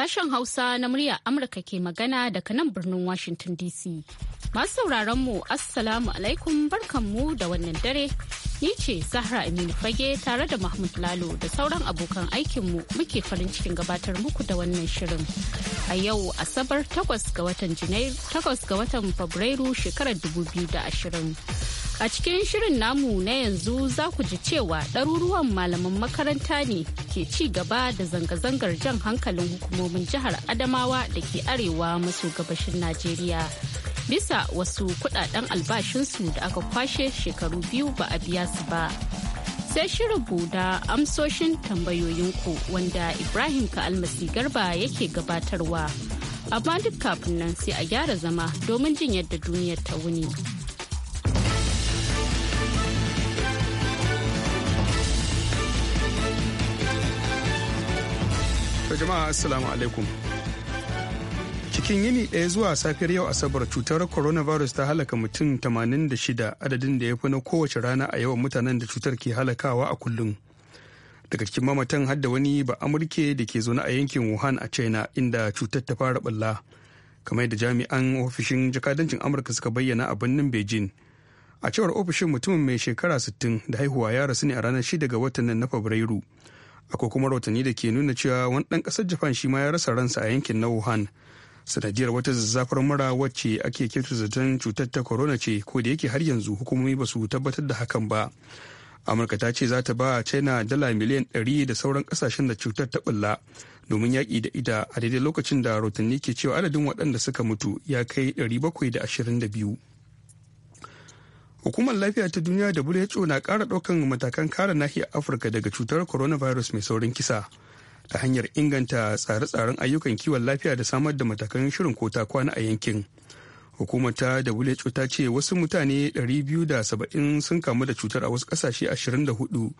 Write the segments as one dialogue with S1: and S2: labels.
S1: Sashen Hausa na murya Amurka ke magana daga nan birnin Washington DC. Masu sauraron mu Assalamu alaikum barkanmu da wannan dare. Ni ce Zahra Aminu Fage tare da Mahmud Lalo da sauran abokan aikinmu muke farin cikin gabatar muku da wannan shirin. A yau Asabar 8 ga watan Fabrairu shekarar 2020. A cikin shirin namu na yanzu za ku ji cewa ɗaruruwan malaman makaranta ne ke ci gaba da zanga-zangar jan hankalin hukumomin jihar Adamawa da ke arewa maso gabashin Najeriya. Bisa wasu kudaden albashinsu da aka kwashe shekaru biyu ba a biya su ba. Sai shirin buda amsoshin tambayoyinku wanda Ibrahim Ka'almasi Garba yake gabatarwa. Amma duk kafin nan sai a gyara zama domin jin yadda duniyar ta wuni.
S2: To jama'a assalamu alaikum. Cikin yini ɗaya zuwa safiyar yau Asabar cutar coronavirus ta halaka mutum 86 adadin da ya fi na kowace rana a yawan mutanen da cutar ke halakawa a kullum. Daga cikin mamatan hadda wani ba Amurke da ke zaune a yankin Wuhan a China inda cutar ta fara ɓalla. Kamar da jami'an ofishin jakadancin Amurka suka bayyana a birnin Beijing. A cewar ofishin mutumin mai shekara 60 da haihuwa ya rasu ne a ranar 6 ga watan nan na Fabrairu. akwai kuma rahotanni da ke nuna cewa wani ɗan ƙasar japan shi ma ya rasa ransa a yankin na wuhan sanadiyar wata zazzafar mura wacce ake kirta zaton cutar ta corona ce ko da yake har yanzu hukumomi ba su tabbatar da hakan ba amurka ta ce za ta ba china dala miliyan ɗari da sauran kasashen da cutar ta bulla domin yaƙi da ita a daidai lokacin da rotanni ke cewa adadin waɗanda suka mutu ya kai 722 Hukumar lafiya ta duniya da WHO na kara ɗaukan matakan kare nahiyar Afirka daga cutar coronavirus mai saurin kisa ta hanyar inganta tsare-tsaren ayyukan kiwon lafiya da samar da matakan shirin ko kwana a yankin. Hukumar ta WHO ta ce wasu mutane 270 sun kamu da cutar a wasu ƙasashe 24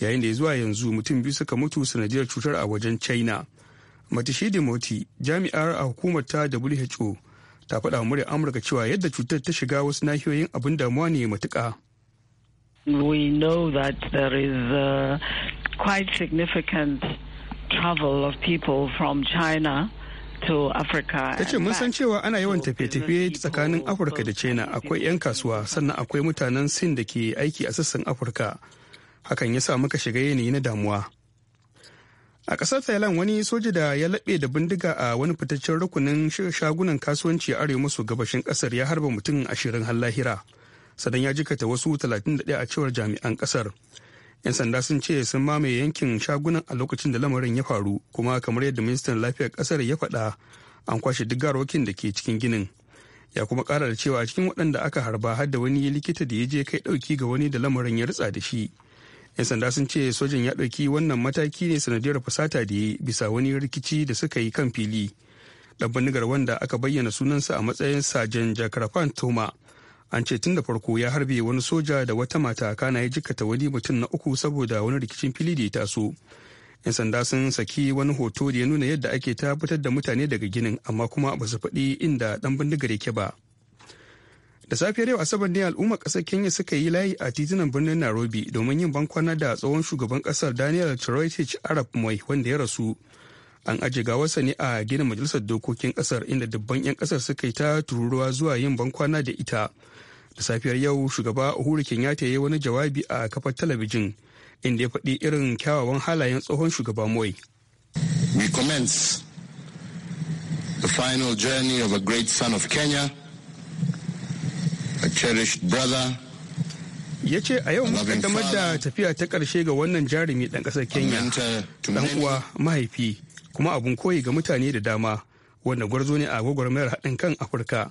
S2: yayin da zuwa yanzu mutum biyu suka mutu sanadiyar cutar a wajen China. matashi da Moti jami'ar a hukumar ta WHO ta faɗa murya amurka cewa yadda cutar ta shiga wasu nahiyoyin abin damuwa ne matuƙa
S3: we know that there is uh, significant
S2: travel of people from china to Africa. Ta ce mun san cewa ana yawan tafiye-tafiye tsakanin Afirka da China akwai 'yan kasuwa sannan akwai mutanen Sin da ke aiki a sassan Afirka. Hakan ya sa muka shiga yanayi na damuwa. a ƙasar thailand wani soja da ya laɓe da bindiga a wani fitaccen rukunin shagunan kasuwanci a arewa maso gabashin ƙasar ya harba mutum ashirin har lahira Sadan ya jikata wasu 31 a cewar jami'an ƙasar 'yan sanda sun ce sun mamaye yankin shagunan a lokacin da lamarin ya faru kuma kamar yadda ministan lafiyar ƙasar ya faɗa an kwashe duk garwakin da ke cikin ginin ya kuma ƙara da cewa cikin waɗanda aka harba har da wani likita da ya je kai ɗauki ga wani da lamarin ya ritsa da shi 'yan sanda sun ce sojin ya ɗauki wannan mataki ne sanadiyar fasata da bisa wani rikici da suka yi kan fili dan bindigar wanda aka bayyana sunansa a matsayin sajen jakarafan toma an ce tun da farko ya harbe wani soja da wata mata kana ya jikata wani mutum na uku saboda wani rikicin fili da ya taso 'yan sanda sun saki wani hoto da ya nuna yadda ake tabbatar da mutane daga ginin amma kuma ba su faɗi inda ɗan bindigar yake ba da safiyar yau asabar ne al'ummar kasar kenya suka yi layi a titunan birnin narobi domin yin bankwana da tsohon shugaban kasar daniel troitich arab moi wanda ya rasu an ajiye gawarsa ne a gina majalisar dokokin kasar inda dubban 'yan kasar suka yi ta tururuwa zuwa yin bankwana da ita da safiyar yau shugaba uhuru kenyatta ya yi wani jawabi a kafar talabijin inda ya faɗi irin kyawawan halayen tsohon shugaba moi we commence the final journey
S4: of a great son of kenya
S2: ya ce a yau muka kaddamar da tafiya ta ƙarshe ga wannan jarumi ɗan ƙasar kenya ɗan uwa mahaifi kuma abun koyi ga mutane da dama wanda gwarzo ne a gwagwarmayar haɗin kan afirka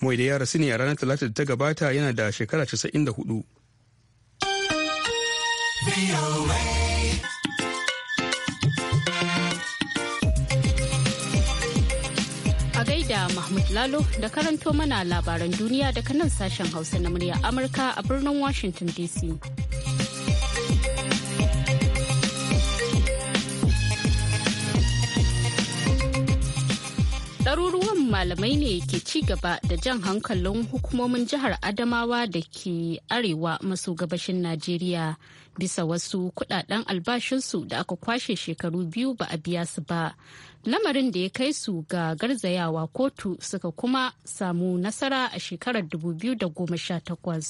S2: mai da ya rasu ne a ranar talata da ta gabata yana da shekara 94
S1: Mahmud Lalo da karanto mana labaran duniya daga nan sashen Hausa na murya Amurka a birnin Washington DC. ɗaruruwan malamai ne ke ci gaba da jan hankalin hukumomin jihar adamawa da ke arewa maso gabashin najeriya bisa wasu kudaden albashinsu da aka kwashe shekaru biyu ba a biya su ba lamarin da ya kai su ga garzayawa kotu suka kuma samu nasara a shekarar 2018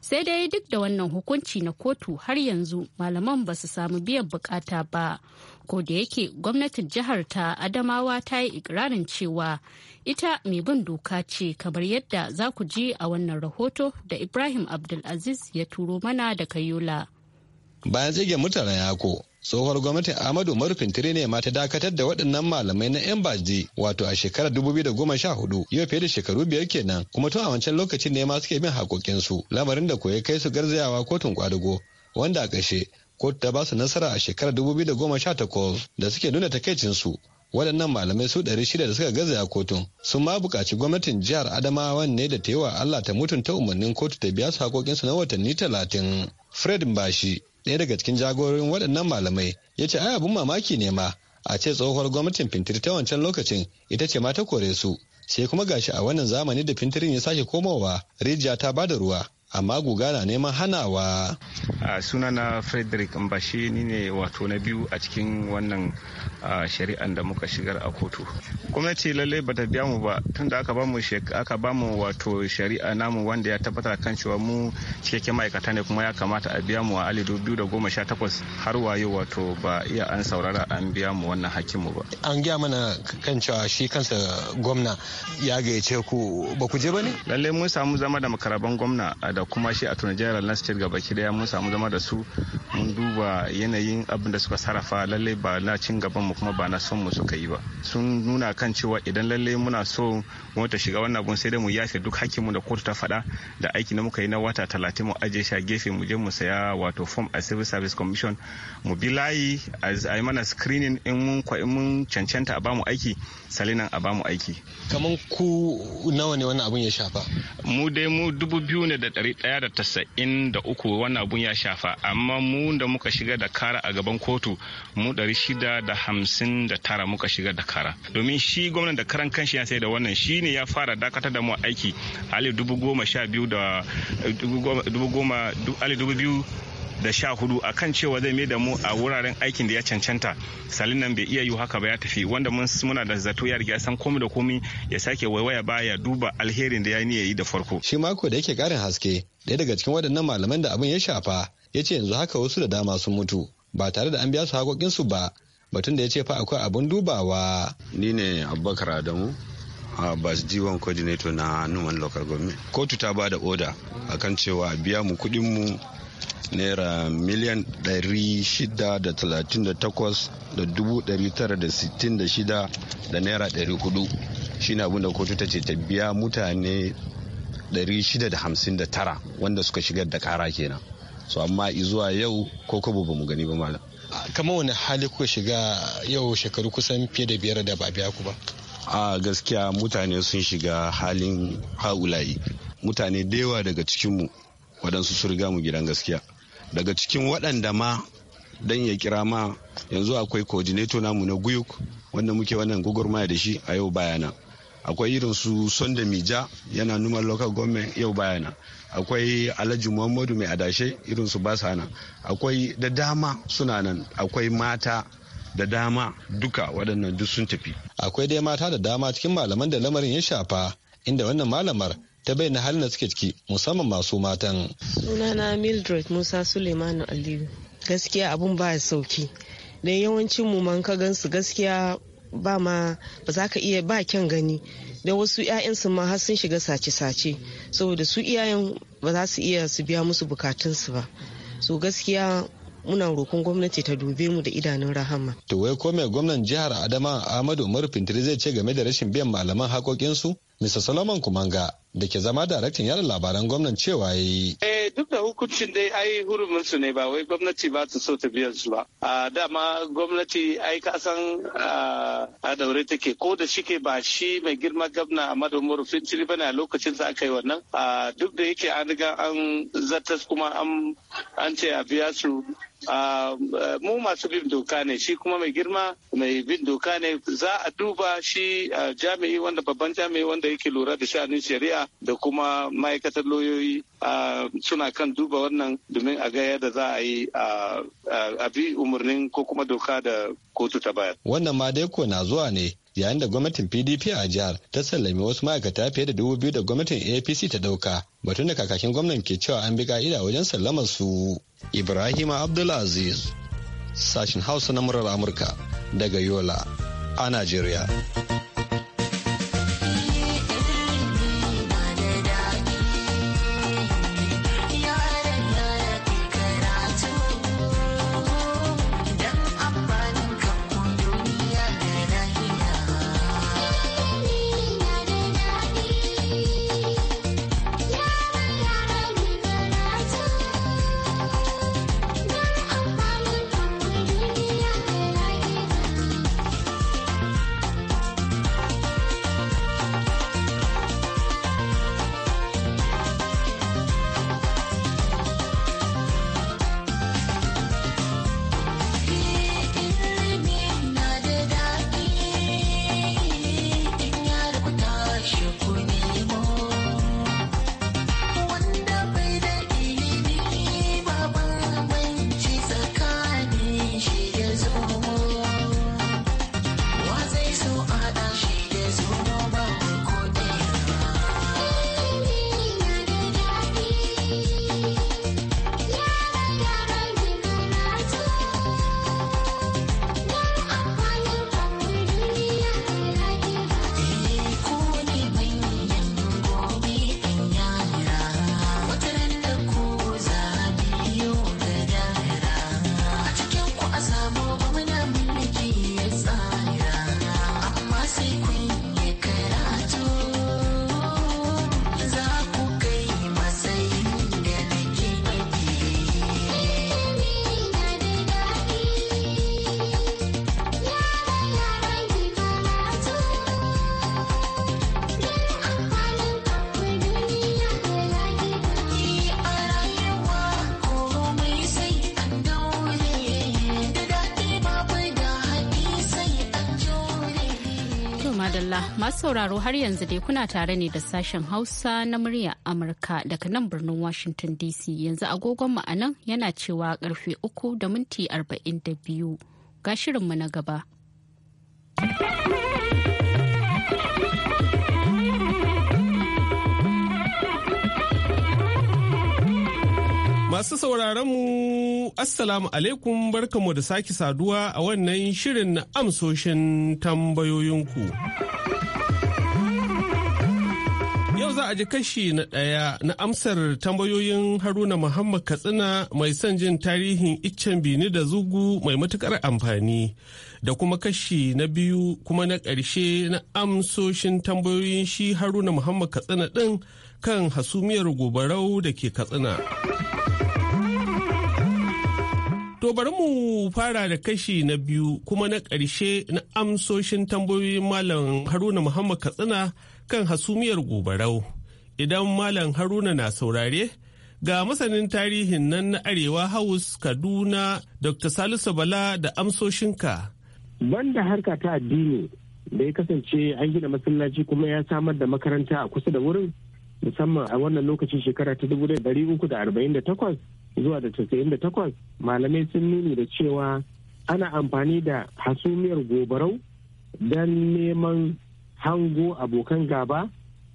S1: sai dai duk da wannan hukunci na kotu har yanzu malaman ba su samu biyan bukata ba ko da yake gwamnatin jihar ta adamawa ta yi ikirarin cewa ita mai bin doka ce kamar yadda za ku ji a wannan rahoto da ibrahim abdulaziz ya turo mana da yola
S5: bayan tsige ya yako tsohuwar gwamnatin ahmadu marufin tirene ne ma ta dakatar da waɗannan malamai na yan baji wato a shekarar hudu, yau fiye da shekaru biyar kenan kuma tun a wancan lokacin ne ma suke bin haƙoƙinsu lamarin da koya kai su garzayawa kotun kwadugo wanda a ƙarshe kotu ta ba su nasara a shekarar 2018 da suke nuna takaicinsu waɗannan malamai su ɗari shida da suka gaza a kotun sun ma buƙaci gwamnatin jihar adamawa ne da ta yi wa allah ta mutunta umarnin kotu ta biya su haƙoƙinsu na watanni talatin fred mbashi ɗaya daga cikin jagororin waɗannan malamai ya ce ai abin mamaki ne ma a ce tsohuwar gwamnatin fintiri ta wancan lokacin ita ce ma ta kore su sai kuma gashi a wannan zamani da fintirin ya sake komowa rijiya ta bada ruwa amma guga
S6: na neman hanawa. suna sunana frederick mbashi ni ne wato na biyu a cikin wannan shari'an da muka shigar a kotu gwamnati lallai bata biya mu ba tun da aka bamu mu wato shari'a namu wanda ya tabbatar kan cewa mu cikakken ma'aikata ne kuma ya kamata a biya mu a alidu biyu da goma sha takwas har wayo wato ba iya an saurara an biya mu wannan hakkin mu ba an gaya mana kan cewa shi kansa gwamna ya gayyace ku ba ku je ba ne lallai mun samu zama da makaraban gwamna a da kuma shi a general na state gaba ki daya mun samu zama da su mun duba yanayin abin da suka sarrafa lallai ba na cin gaban mu kuma ba na son mu suka yi ba sun nuna kan cewa idan lallai muna so mu shiga wannan abun sai dai mu yafe duk hakkin mu da kotu ta faɗa da aiki na muka yi na wata talatin mu aje shi a gefe mu je mu saya wato form a civil service commission mu bi layi a yi mana screening in mun in mun cancanta a bamu aiki salinan a bamu aiki kamar ku nawa ne wannan abun ya shafa mu dai mu dubu biyu ne da ɗari ɗaya da tasa'in da uku wannan abun ya shafa amma mu da muka shiga da kara a gaban kotu mu ɗari shida da hamsin da tara muka shiga da kara domin shi gwamnan da karan kanshi ya sai da wannan shi ne ya fara dakatar da mu aiki hali dubu goma sha biyu da dubu goma dubu biyu da sha hudu a kan cewa zai mai da mu a wuraren aikin da ya cancanta salin nan bai iya yi haka ba ya tafi wanda muna da zato ya riga san komai da komai ya sake waiwaya baya duba alherin da ya niyya yi da farko shi mako da yake karin haske ɗaya daga cikin
S5: waɗannan malaman da abin ya shafa ya ce yanzu haka wasu da dama sun mutu ba tare da an biya su haƙoƙinsu
S4: ba batun da ya ce fa akwai abun dubawa ni ne abubakar adamu bas g1 coordinator na numan local government kotu ta ba da oda akan cewa biya mu kuɗin mu naira miliyan 638,966 da naira 400 shine abin da kotu ta ce ta biya mutane 659 wanda suka shigar da kara kenan so amma zuwa yau ko kobo ba mu gani ba malam kamar wani hali
S5: kuka shiga yau shekaru kusan fiye da biyar da ba biya ku ba
S4: a gaskiya mutane sun shiga halin haulayi mutane da yawa daga cikinmu waɗansu sun riga mu gidan gaskiya daga cikin waɗanda ma dan ya kira ma yanzu akwai coordinator namu na guyuk wanda muke wannan gwagwarmaya da shi a yau bayana akwai irin su sonda mija yana numar local government yau bayana akwai alhaji muhammadu mai adashe irin su nan akwai da dama suna nan akwai mata da dama duka waɗannan duk sun tafi akwai dai mata da dama cikin malaman da lamarin
S5: ya shafa inda wannan malamar ta bayyana halin da suke ciki musamman masu matan.
S1: Sunana Mildred Musa Suleimanu Aliyu. Gaskiya abun ba sauki. Don yawancin mu man ka gansu gaskiya ba ma ba za ka iya ba kyan gani da wasu 'ya'yansu ma har sun shiga sace-sace saboda su iyayen ba za su iya su biya musu bukatunsu ba so gaskiya muna roƙon gwamnati ta dube mu da idanun rahama.
S5: To wai ko mai gwamnan jihar Adama Ahmadu Umar Fintiri zai ce game da rashin biyan malaman haƙoƙinsu? Mr. Solomon Kumanga da ke zama daraktan yada labaran gwamnan cewa ya yi. Eh, duk da hukuncin dai ai hurumin su ne ba wai gwamnati ba ta so ta biyan su ba. A dama gwamnati ai ka san a daure take ko da shike ba shi mai girma gwamna Ahmadu Umaru Fintiri bane a lokacin sa aka yi wannan. duk da yake an riga an zartas kuma an ce a biya su Ah, eh, mu masu bin doka ne shi kuma mai girma mai bin doka ne za a duba shi ah, jami'i wanda babban jami'i wanda yake lura da sha'anin shari'a da kuma ma'aikatar lauyoyi suna kan duba wannan domin a ga yadda za a yi a bi umarnin ko kuma doka da kotu ta bayar. Wannan ma dai ko na zuwa ne yayin da gwamnatin pdp a jihar ta sallami wasu ma'aikata fiye da dubu biyu da gwamnatin apc ta dauka batun da kakakin gwamnan ke cewa an bi ka'ida wajen sallamar su ibrahim abdulaziz sashin hausa na murar amurka daga yola a najeriya
S1: Allah masu sauraro har yanzu dai kuna tare ne da sashen Hausa na murya Amurka daga nan birnin Washington DC yanzu agogonmu a nan yana cewa karfe uku da minti arba'in ga shirinmu na gaba.
S7: Masu sauraron mu Assalamu alaikum barkamu da sake saduwa a wannan shirin na amsoshin tambayoyinku. Yau za a ji kashi na ɗaya na amsar tambayoyin Haruna Muhammad Katsina mai son jin tarihin iccen bini da zugu mai matukar amfani da kuma kashi na biyu kuma na ƙarshe na amsoshin tambayoyin shi Haruna Muhammad Katsina ɗin kan hasumiyar gobarau da ke Katsina. To bari mu fara da kashi na biyu kuma na ƙarshe na amsoshin tambayoyin Malam Haruna Muhammad Katsina kan hasumiyar gobarau. Idan Malam Haruna na saurare, ga masanin tarihin nan na Arewa haus Kaduna Dr. Salisu Bala da amsoshinka.
S8: Banda harka ta addini da ya kasance an gina masallaci kuma ya samar da makaranta a kusa da wurin musamman a wannan lokacin shekara ta dubu dari uku da arba'in da takwas zuwa da tasirin da takwas malamai sun nuni da cewa ana amfani da hasumiyar gobarau don neman hango abokan gaba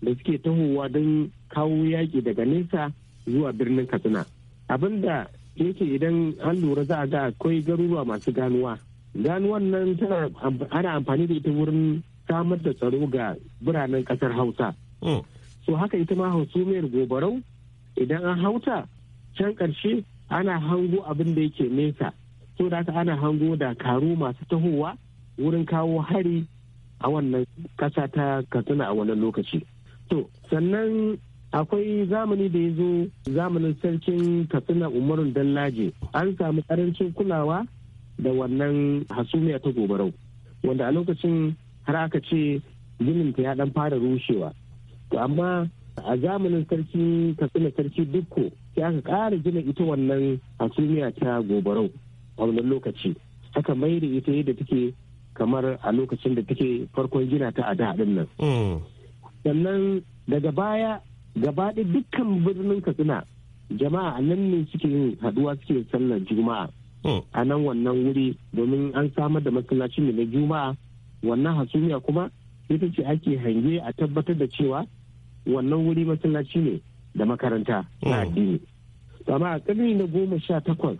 S8: da suke tahowa don kawo yaƙi daga nesa zuwa birnin katsina abinda yake idan an lura za a ga akwai garuruwa masu ganuwa ganuwan nan tana ana amfani da ita wurin samar da tsaro ga biranen ƙasar hausa hmm. so haka ita ma hasumiyar gobarau idan an hauta can ƙarshe ana hango abin da yake nesa so da haka ana hango da karu masu tahowa wurin kawo hari a wannan ƙasa ta katsina a wannan lokaci to sannan akwai zamani da ya zo zamanin sarkin katsina umarun dallaje an samu karancin kulawa da wannan hasumiya ta gobarau wanda a lokacin har aka ce ginin ta ya dan fara rushewa amma a zamanin sarki katsina sarki dukko sai aka ƙara gina ita wannan hasumiya ta gobarau a wannan lokaci aka mai da ita yadda take kamar a lokacin da take farkon gina ta a daɗin nan hmm. sannan daga baya gabaɗe dukkan birnin katsina jama'a a nan ne suke yin haɗuwa suke sallar juma'a hmm. a nan wannan wuri domin an samar da masallaci ne na juma'a wannan hasumiya kuma ita ce ake hange a tabbatar da cewa wannan wuri masallaci ne da makaranta na hmm. addini amma a ƙarni na goma sha takwas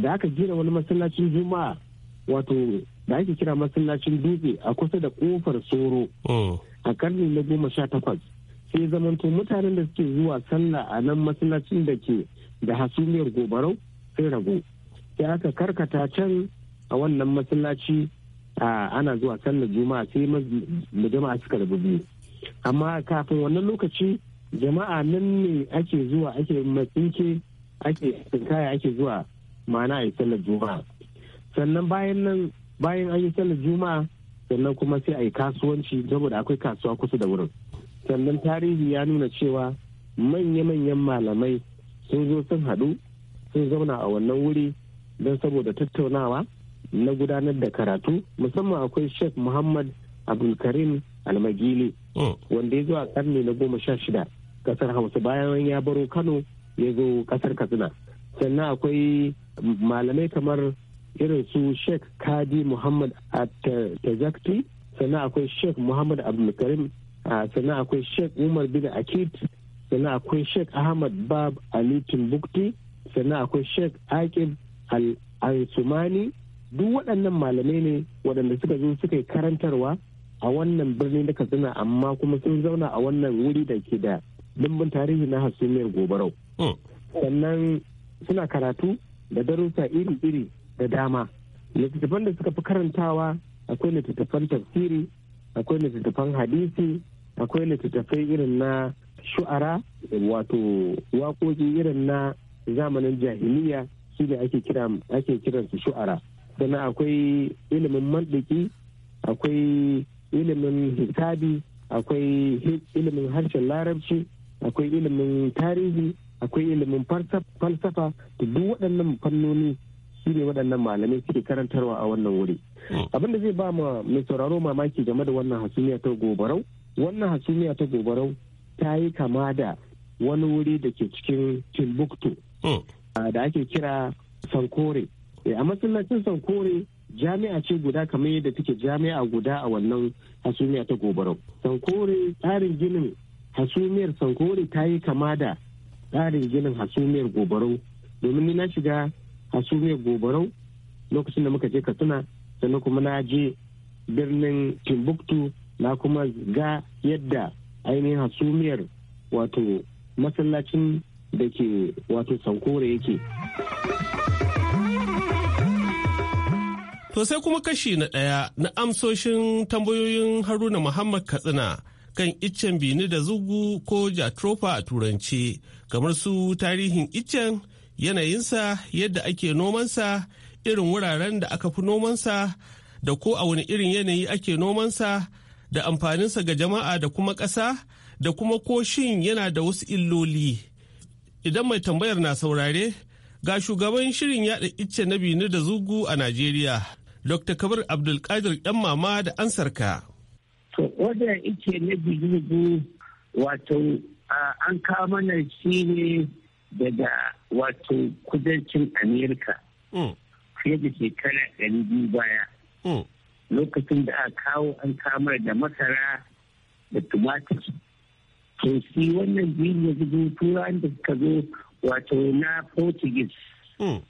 S8: da aka gina wani masallacin juma'a wato da ake kira masallacin dutse a kusa da kofar soro hmm. a ƙarni na goma sha takwas sai zamanto mutanen da suke zuwa sallah a nan masallacin da ke da hasumiyar gobarau sai rago sai aka karkata can a wannan masallaci ana zuwa sallar juma'a sai mu jama'a suka rabu biyu amma kafin wannan lokaci jama'a nan ne ake zuwa ake matsinke ake kaya ake zuwa mana a yi sallar juma'a sannan bayan nan bayan an yi sallar juma'a sannan kuma sai a yi kasuwanci saboda akwai kasuwa kusa da wurin sannan tarihi ya nuna cewa manya-manyan malamai sun zo sun haɗu sun zauna a wannan wuri don saboda tattaunawa na gudanar da karatu musamman akwai sheikh muhammad abdulkarim almagili wanda ya zo a karni na goma sha shida kasar hausa bayan ya baro kano ya zo kasar katsina sannan akwai malamai kamar irin su sheikh kadi muhammad tajakti sannan akwai sheikh muhammad abdulkarim sannan akwai sheikh umar bin akit sannan akwai sheikh ahmad bab ali timbukti sannan akwai sheikh aqib al-ansumani duk waɗannan malamai ne waɗanda suka zo suka yi karantarwa a wannan birni na katsina amma kuma sun zauna a wannan wuri da ke da dimbin tarihi na hasumiyar gobarau hmm. sannan suna karatu da darussa iri-iri da dama littattafan da suka fi karantawa akwai littattafan tafsiri akwai littattafan hadisi akwai littattafai irin na shu'ara wato waƙoƙi irin na zamanin jahiliya su ne ake kiran su shu'ara sannan akwai ilimin mandiki akwai ilimin hisabi akwai ilimin harshen larabci akwai ilimin tarihi akwai ilimin falsafa da duk waɗannan fannoni shi ne waɗannan malamai suke karantarwa a wannan wuri hmm. abinda zai ba ma mai sauraro mamaki game da wannan hasumiya ta gobarau wannan hasumiya ta gobarau ta yi kama da wani wuri da ke cikin timbuktu hmm. da ake kira sankore eh, a masallacin sankore jami'a ce guda kamar yadda take jami'a guda a wannan hasumiya ta gobarau sankore tsarin ginin hasumiyar sankore ta yi kama da tsarin ginin hasumiyar gobarau domin ni na shiga hasumiyar gobarau lokacin da muka je katsina sannan kuma na je birnin timbuktu na kuma ga yadda ainihin hasumiyar wato masallacin da ke wato sankore
S7: yake. To sai kuma kashi na ɗaya na amsoshin tambayoyin Haruna Muhammad Katsina kan iccen bini da zugu ko jatrofa a turance kamar su tarihin iccen yanayinsa yadda ake nomansa irin wuraren da aka fi nomansa da ko a wani irin yanayi ake nomansa da amfaninsa ga jama'a da kuma ƙasa da kuma ko shin yana da wasu illoli. Idan mai tambayar na saurare, ga shugaban shirin yaɗa icce na bini da zugu a Najeriya, Dr. Kabir Abdulkadir ɗan mama da ansarka.
S3: To, wanda ike na biyu wato an kawo shi ne daga wato kudancin Amerika. Mm. Fiye da shekara ɗari biyu baya. Mm. Lokacin da aka kawo an kamar da masara da tumatir. To, shi wannan biyu da turan da suka zo wato na Portuguese. Mm.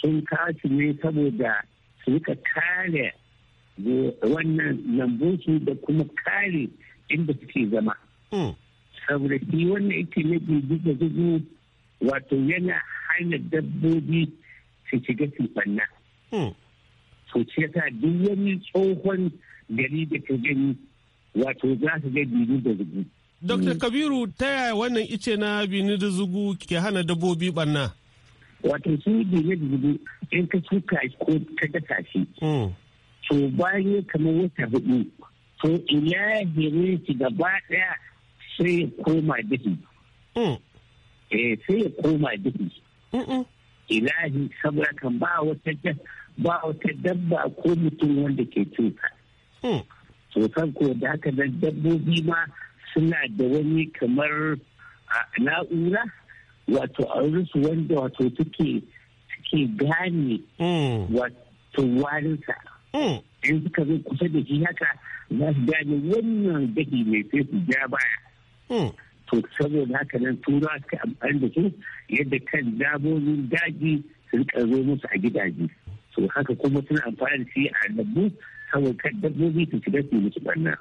S3: Sun kasu ne saboda su rika kare wannan lambunsu da kuma kare inda suke zama. Hmm. Saboda shi wannan ita na da zuzu wato yana hana dabbobi su shiga su banna. To hmm. shi yasa duk wani tsohon gari da ka gani wato za su ga biyu da zugu.
S7: Dr. Kabiru ta yaya wannan ice na bini da zugu ke hana dabbobi banna? wato su dube dube in ka shuka ko ka ta shi to
S3: hmm. bayan kamar wata hudu to ina gere shi gaba daya sai ya koma duhu. Hmm. eh sai ya koma duhi ilahi saboda kan ba wata ba wata dabba ko mutum wanda ke cuta to san ko da haka dabbobi ma suna da wani kamar ah, na'ura wato a su wanda wato suke suke gane hmm. wato warinsa hmm. in suka zo kusa da shi haka za su gane wannan gadi mai sai su ja baya hmm. to saboda haka nan tura suka amfani da su yadda kan dabobin daji su rika zo musu a gidaje to haka kuma suna amfani da shi a dabbu saboda kan dabbobi su shiga su musu barna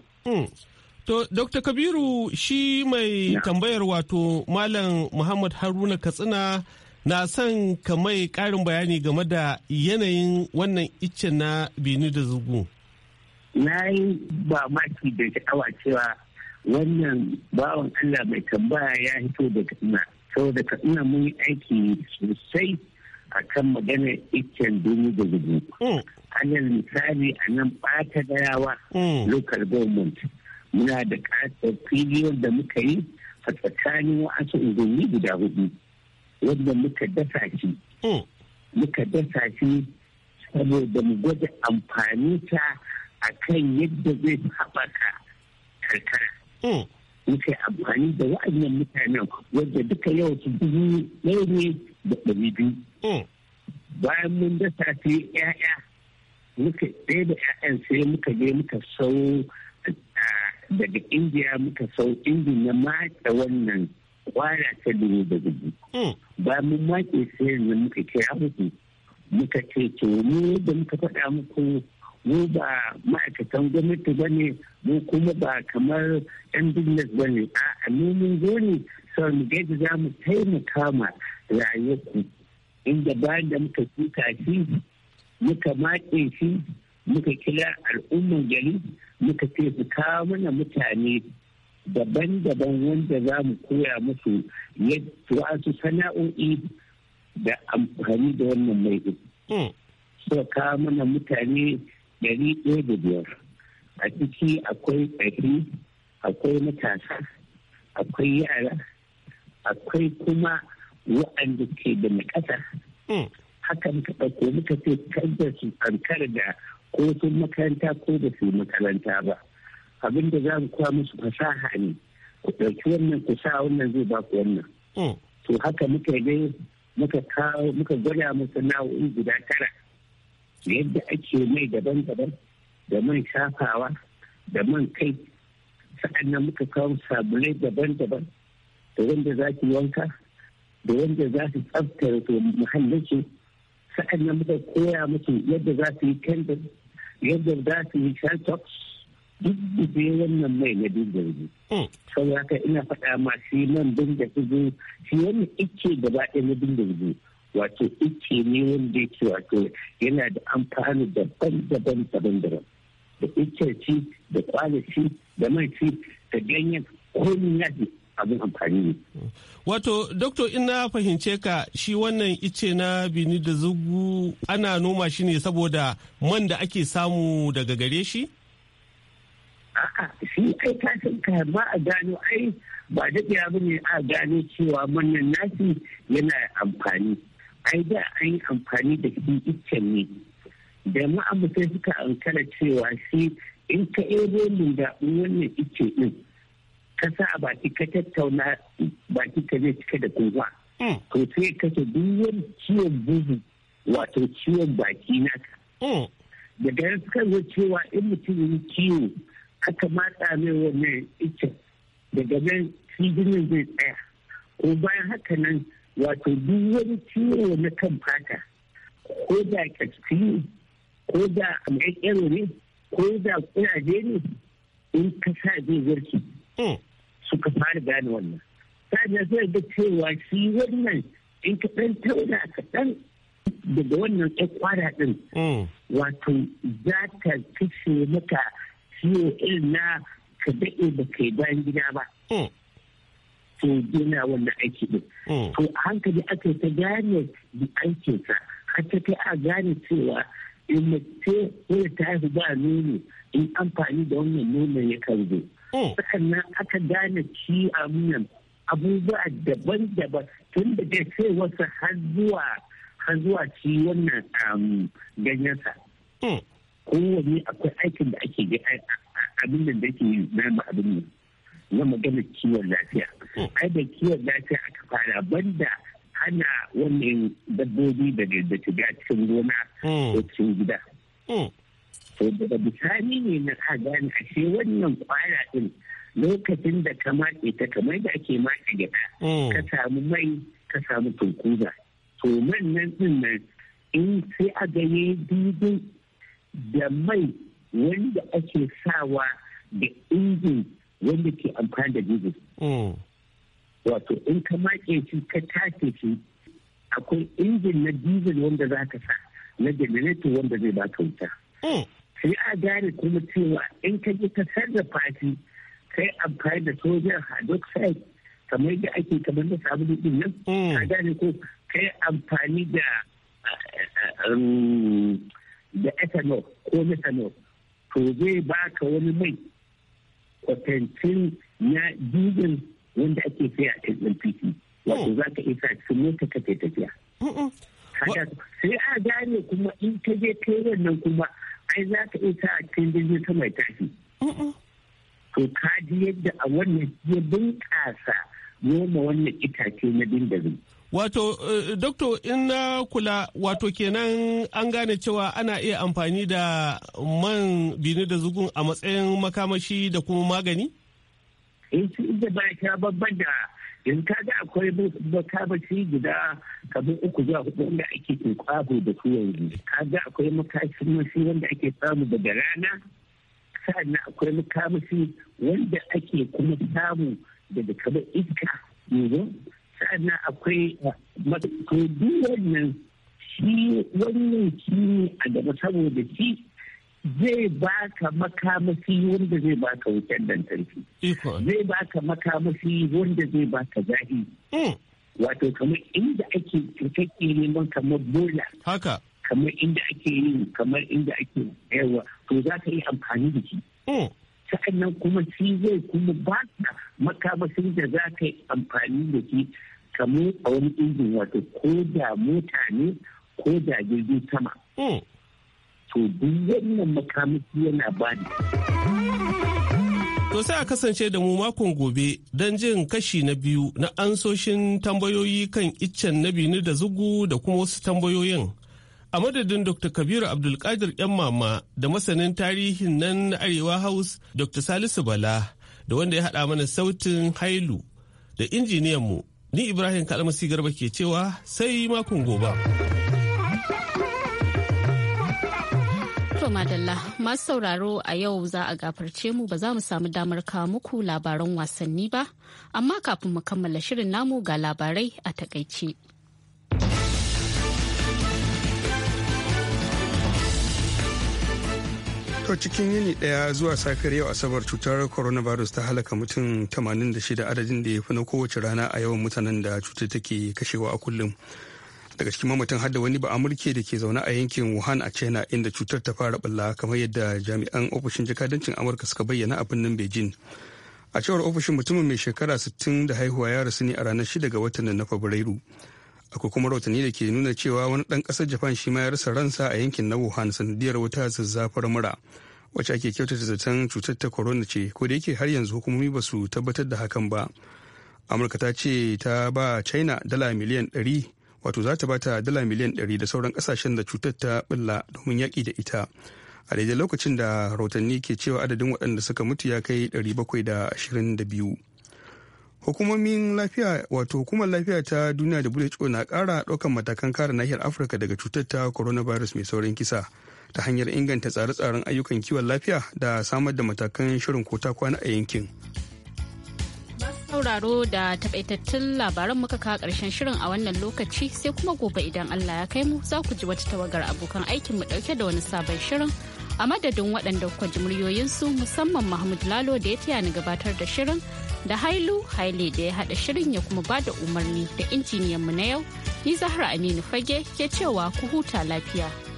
S7: To, Dr. Kabiru shi mai tambayar wato Malam Muhammad Haruna Katsina na son ka mai ƙarin bayani game da yanayin wannan icce na Benin da Zugu.
S3: Na yi maki da sha'awa cewa wannan bawan Allah mai tambaya ya hito da Katsina. Saboda Katsina mun yi aiki sosai a kan maganar iccen Bini da Zugu. Hmm. Alal misali a nan ɓata dayawa hmm. local government. muna da filiyar da muka yi a tsakanin wasu unguwanni guda hudu wanda muka dasa shi oh. muka dasa shi saboda mu gwada amfani ta a kan yadda zai haɓaka karkara oh. muka yi amfani da wa'annan mutanen wadda duka yau su dubu ɗaya da ɗari biyu oh. bayan mun dasa shi ya'ya muka ɗaya da 'ya'yan sai muka je muka sau daga indiya muka sau indi na mata wannan kwara ta dubu da dubu hmm. ba mu mace sayar da muka kira muku muka ce ce mu da muka faɗa muku mu ba ma'aikatan gwamnati ba ne mu kuma ba kamar yan business ba ne a mun zo ne sau mu gaji za mu taimaka ma rayuwarku inda bayan da muka tuka shi muka matse shi muka kira al'ummar gari muka ce su kawo mana mutane daban-daban wanda za mu koya musu yadda su sana'o'i da amfani da wannan mai hmm. So kawo mana mutane ɗari ɗaya da biyar a ciki akwai ɗari akwai matasa akwai yara akwai kuma wa'anda ke da nakasa hakan hmm. ka ɗauko muka ce da su kankar da ko sun makaranta ko da su makaranta ba abin da za mu kwa musu fasaha ne ku ɗauki wannan ku sa wannan zai ba ku wannan mm. to haka muka dai muka kawo muka gwada musu nau'in guda tara yadda ake mai daban-daban da man shafawa da man kai sa'annan muka kawo sabulai daban-daban da wanda za ki wanka da wanda za su tsaftar to sa'an sa'annan muka koya musu yadda za su yi kendir yadda za su yi shantox
S8: duk guje
S3: wannan mai na dingirgi. Hmm. Sau haka ina faɗa ma shi man dingirgi shi wani icce ba ɗaya na dingirgi. Wato ike ne wanda yake wato yana da amfani daban-daban daban-daban. Da iccen ci, da kwalaci, da man ci, da ganyen ko na abin amfani ne.
S7: Wato, Doktor ina fahimce ka shi wannan ice na bini da zugu ana noma shi ne saboda man da ake samu daga gare shi?
S3: A'a, shi ai kasan ka ba a gano ai ba daɗewa ba ne a gano cewa wannan nasi yana amfani. Ai da an yi amfani da shi iccen ne. Da ma'abutai suka ankara cewa shi in ka ebo da wannan ice ɗin. ka sa a baki ka tattauna baki ka zai cika da kowa hmm. to sai ce duk wani ciwon bugu wato ciwon baki naka da hmm. dare suka zo cewa in mutum yi ciwo aka matsa mai wannan icin daga nan jinin zai tsaya ko bayan haka nan wato duk wani ciwo na kan fata ko da kaski ko da amai ne ko da kuraje ne in ka sa zai warke hmm. suka fara gane wannan sannan zai ga cewa shi wannan in ka ɗan tauna kaɗan daga wannan kwada ɗin mm. wato za ta kashe maka ciwo irin na ka daɗe ba kai bayan gida ba mm. to gina wannan aiki ɗin mm. to a hankali aka ta gane da aikinsa har ta kai a gane cewa in mace wadda ta haihu ba nono in amfani da wannan nonon ya kan zo Oh. sannan aka gane shi a nan abubuwa daban-daban tun da ke ce wasu har zuwa ci wannan um, ganyensa hmm. kowanne akwai aikin da ake abin da ke yi na abin ne na magana kiwon lafiya hmm. ai da kiwon lafiya aka fara banda hana wannan dabbobi da da shiga cikin gona hmm. ko cikin gida to daga bisani ne na ka gane ce wannan kwara din lokacin da ka mace ta kamar da ake matse da mm. ka samu mai ka samu tunkuza to man nan din nan in sai a gaye daidai da mai wanda ake sawa da injin wanda ke amfani da diesel. Mm. Wato in ka mace shi ka tace shi akwai injin na diesel wanda za ka sa na janareto wanda zai baka wuta. Mm. sai a gane kuma cewa in ka je ka sarrafa sai kai amfani da sojan hydroxide kamar yadda ake kamar da sabulu ɗin nan hmm. a gane ko kai amfani da eh, eh, um, da ethanol ko methanol to zai baka wani mai kwatancin na diesel wanda ake sai a NPC wato hmm. za ka isa cikin mota ka tafiya. Sai a gane kuma in ka je kai wannan kuma kai za ka iya a cikin jirgin sama ya tafi? To ka ji yadda a wannan ya bunƙasa noma wannan itace na dindazin.
S7: Wato, uh, in na kula, wato kenan an gane cewa ana iya amfani da man bini da zugun a matsayin makamashi da kuma magani? Eh, da ba ta babban da in ka ga akwai makabaci guda kamar uku
S3: zuwa hudu wanda ake kwabo da su yanzu ka ga akwai makashin mashi wanda ake samu daga rana sa'an akwai makamashi wanda ake kuma samu daga kamar iska yanzu sa'an akwai to duk wannan shi wannan shi a gaba saboda shi zai baka makamashi wanda zai baka wutan lantarki zai baka makamashi wanda zai baka zahi hmm. wato kamar inda ake kake neman kamar bola haka kamar inda ake yi kamar inda ake yawa to za ka yi amfani da shi hmm. sa'annan kuma shi zai kuma baka makamashi da za ka yi amfani da shi kamar a wani injin wato ko da
S7: mota ne ko da jirgin sama hmm. to duk wannan makamaki yana bani. To sai a kasance da mu makon gobe don jin kashi na biyu na ansoshin tambayoyi kan iccen na bini da zugu da kuma wasu tambayoyin. A madadin Dr. Kabiru Abdulkadir ‘yan mama da masanin tarihin nan na Arewa House Dr. Salisu Bala da wanda ya haɗa mana sautin hailu da injiniyanmu ni Ibrahim Kalmasi Garba ke cewa sai makon gobe.
S1: madalla masu sauraro a yau za a gafarce mu ba za mu samu damar kawo muku labaran wasanni ba, amma kafin mu kammala shirin namu ga labarai a takaice.
S2: To cikin yini daya zuwa safiyar yau asabar cutar coronavirus ta halaka mutum 86 adadin da ya fi na kowace rana a yawan mutanen da cutar take kashewa a kullum. daga cikin mamatan hadda wani ba amurke da ke zaune a yankin wuhan a china inda cutar ta fara balla kamar yadda jami'an ofishin jakadancin amurka suka bayyana a birnin beijing a cewar ofishin mutumin mai shekara 60 da haihuwa ya rasu ne a ranar 6 ga watan na fabrairu akwai kuma rahotanni da ke nuna cewa wani dan kasar japan shi ma ya rasa ransa a yankin na wuhan sanadiyar wata zazzafar mura wacce ake kyautata zaton cutar ta corona ce ko da yake har yanzu hukumomi ba su tabbatar da hakan ba amurka ta ce ta ba china dala miliyan 100 wato za ta bata dala miliyan 100 da sauran kasashen da cutar ta bulla domin yaƙi da ita a daidai lokacin da rahotanni ke cewa adadin waɗanda suka mutu ya kai 722 hukumomin lafiya wato hukumar lafiya ta duniya da who na ƙara ɗaukar matakan kare nahiyar afirka daga cutar ta coronavirus mai saurin kisa ta hanyar inganta tsare-tsaren ayyukan kiwon lafiya da samar da matakan shirin kota kwana a yankin.
S1: sauraro da taɓaitattun labaran muka kawo ƙarshen shirin a wannan lokaci sai kuma gobe idan Allah ya kai mu za ku ji wata tawagar abokan aikin mu ɗauke da wani sabon shirin a madadin waɗanda kuka ji muryoyinsu musamman Mahmud Lalo da ya taya ni gabatar da shirin da Hailu Haile da ya haɗa shirin ya kuma ba da umarni da injiniyan mu na yau ni Zahra Aminu Fage ke cewa ku huta lafiya.